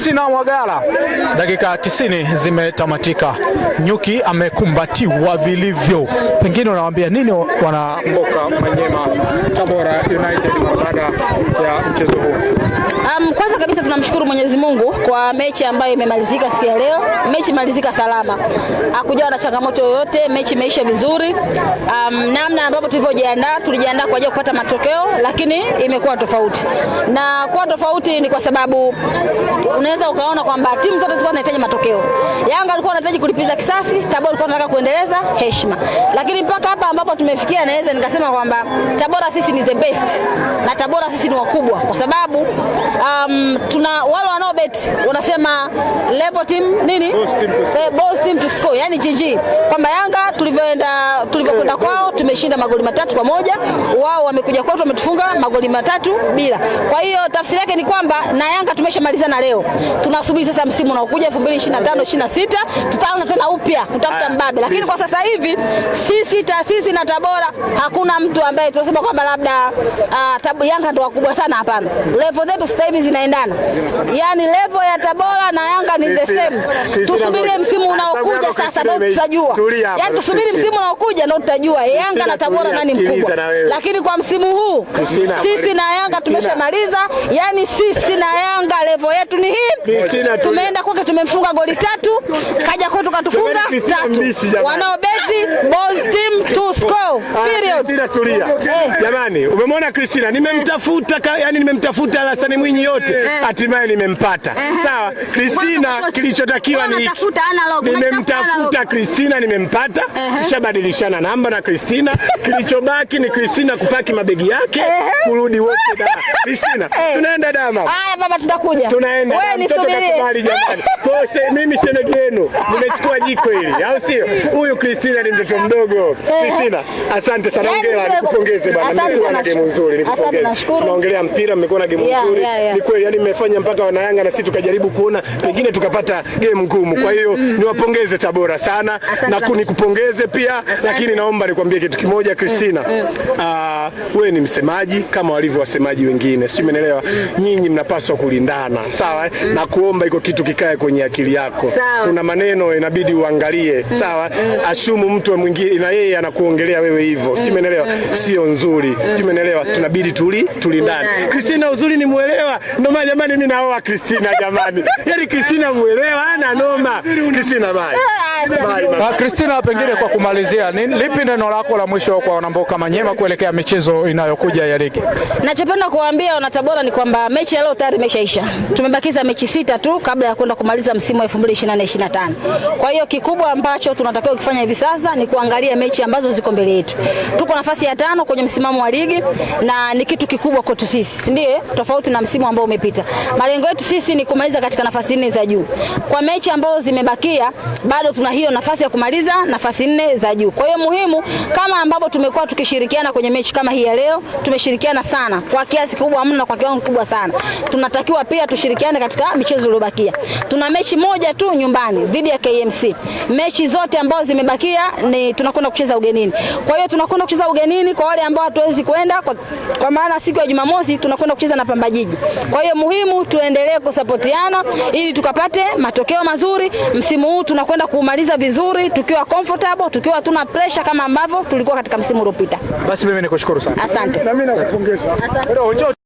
Sina Mwagala. Dakika 90 zimetamatika, nyuki amekumbatiwa vilivyo. Pengine unawaambia nini wana Mboka Manyema Tabora United baada ya mchezo huu? Um, kwanza kabisa tunamshukuru Mwenyezi Mungu kwa mechi ambayo imemalizika siku ya leo mechi malizika salama, hakujawa na changamoto yoyote, mechi imeisha vizuri. Um, namna ambapo tulivyojiandaa, tulijiandaa kwa ajili ya kupata matokeo, lakini imekuwa tofauti, na kuwa tofauti ni kwa sababu unaweza ukaona kwamba timu zote zilikuwa zinahitaji matokeo. Yanga alikuwa anahitaji kulipiza kisasi, Tabora alikuwa anataka kuendeleza heshima, lakini mpaka hapa ambapo tumefikia, naweza nikasema kwamba Tabora sisi ni the best na Tabora sisi ni wakubwa, kwa sababu um, tuna wale wanaobet wanasema level team nini eh, boss team to eh, score, yani GG, kwamba Yanga tulivyoenda tulivyokwenda eh, kwao tumeshinda magoli matatu kwa moja, wao wamekuja kwetu wametufunga magoli matatu bila. Kwa hiyo tafsiri yake ni kwamba na Yanga tumeshamaliza na leo, tunasubiri sasa msimu unaokuja 2025 26 tutaanza tena upya kutafuta ah, mbabe, lakini kwa sasa hivi sisi taasisi na Tabora hakuna mtu ambaye tunasema kwamba labda uh, tabu, Yanga ndo wakubwa sana. Hapana, level zetu sasa hivi zinaendana, yani level ya Tabora na Yanga ni the same. Yaani tusubirie yaani msimu unaokuja sasa, ndio tutajua. Yaani tusubiri msimu unaokuja ndio tutajua Yanga na Tabora nani mkubwa, lakini kwa msimu huu sisi na Yanga tumeshamaliza. Yaani sisi na Yanga levo yetu ni hii. Tumeenda kwake tumemfunga goli tatu, kaja kwetu katufunga tatu team to score. Period. Sina eh. Jamani, umemwona Christina, nimemtafuta yani, nimemtafuta Hassan Mwinyi yote, eh. hatimaye nimempata. Eh. Sawa, Christina kilichotakiwa ni hiki. Nimemtafuta Christina nimempata, tushabadilishana namba na Christina. Kilichobaki ni Christina kupaki mabegi yake, kurudi wote da. Christina, tunaenda dama. Haya baba, tutakuja. Tunaenda. Wewe nisubirie. Jamani, mimi shemeji yenu, nimechukua jiko hili, au sio? Huyu Christina Piscina ni mtoto mdogo. Piscina, eh. asante sana, yaani ongea, nikupongeze bwana. Mmekuwa na game nzuri, nikupongeze. Tunaongelea mpira, mmekuwa na game nzuri. Ni kweli, yani mmefanya mpaka wana Yanga na sisi tukajaribu kuona pengine tukapata game ngumu. Kwa hiyo mm, mm, mm. niwapongeze Tabora sana na kunikupongeze pia, lakini naomba nikwambie kitu kimoja Christina. Ah, wewe ni msemaji kama walivyo wasemaji wengine. Sijui umeelewa. Nyinyi mnapaswa kulindana, sawa? Eh? Na kuomba iko kitu kikae kwenye akili yako. Kuna maneno inabidi uangalie, sawa? Ashu kumdhulumu mtu mwingine na yeye anakuongelea wewe hivyo, sijui umeelewa? Mm, mm, mm. Sio nzuri, sijui umeelewa? Tunabidi tuli tulindane. Kristina uzuri ni muelewa, ndio maana jamani, mimi naoa Kristina jamani, yaani Kristina muelewa ana noma Kristina bye ah, Uh, Christina, pengine kwa kumalizia, ni lipi neno lako la mwisho kwa wanamboka Manyema kuelekea michezo inayokuja ya ligi? Nachopenda kuwaambia Tabora ni kwamba mechi ya leo tayari imeshaisha. Tumebakiza mechi sita tu kabla ya kwenda kumaliza msimu wa 2024 25. Kwa hiyo kikubwa ambacho tunatakiwa kufanya hivi sasa ni kuangalia mechi ambazo ziko mbele yetu. Tuko nafasi ya tano kwenye msimamo wa ligi na ni kitu kikubwa kwetu sisi, ndiye eh? tofauti na msimu ambao umepita. Malengo yetu sisi ni kumaliza katika nafasi nne za juu. Kwa mechi ambazo zimebakia bado tuna tuna hiyo nafasi ya kumaliza nafasi nne za juu. Kwa hiyo muhimu, kama ambapo tumekuwa tukishirikiana kwenye mechi kama hii ya leo, tumeshirikiana sana kwa kiasi kikubwa mno, kwa kiwango kikubwa sana. Tunatakiwa pia tushirikiane katika michezo iliyobakia. Tuna mechi moja tu nyumbani dhidi ya KMC, mechi zote ambazo zimebakia ni tunakwenda kucheza ugenini. Kwa hiyo tunakwenda kucheza ugenini kwa wale ambao hatuwezi kwenda kwa, kwa maana siku ya Jumamosi tunakwenda kucheza na Pamba Jiji. Kwa hiyo muhimu tuendelee kusapotiana ili tukapate matokeo mazuri. Msimu huu tunakwenda kumaliza tumemaliza vizuri tukiwa comfortable, tukiwa hatuna pressure kama ambavyo tulikuwa katika msimu uliopita. Basi mimi nikushukuru sana. Asante. Na mimi nakupongeza.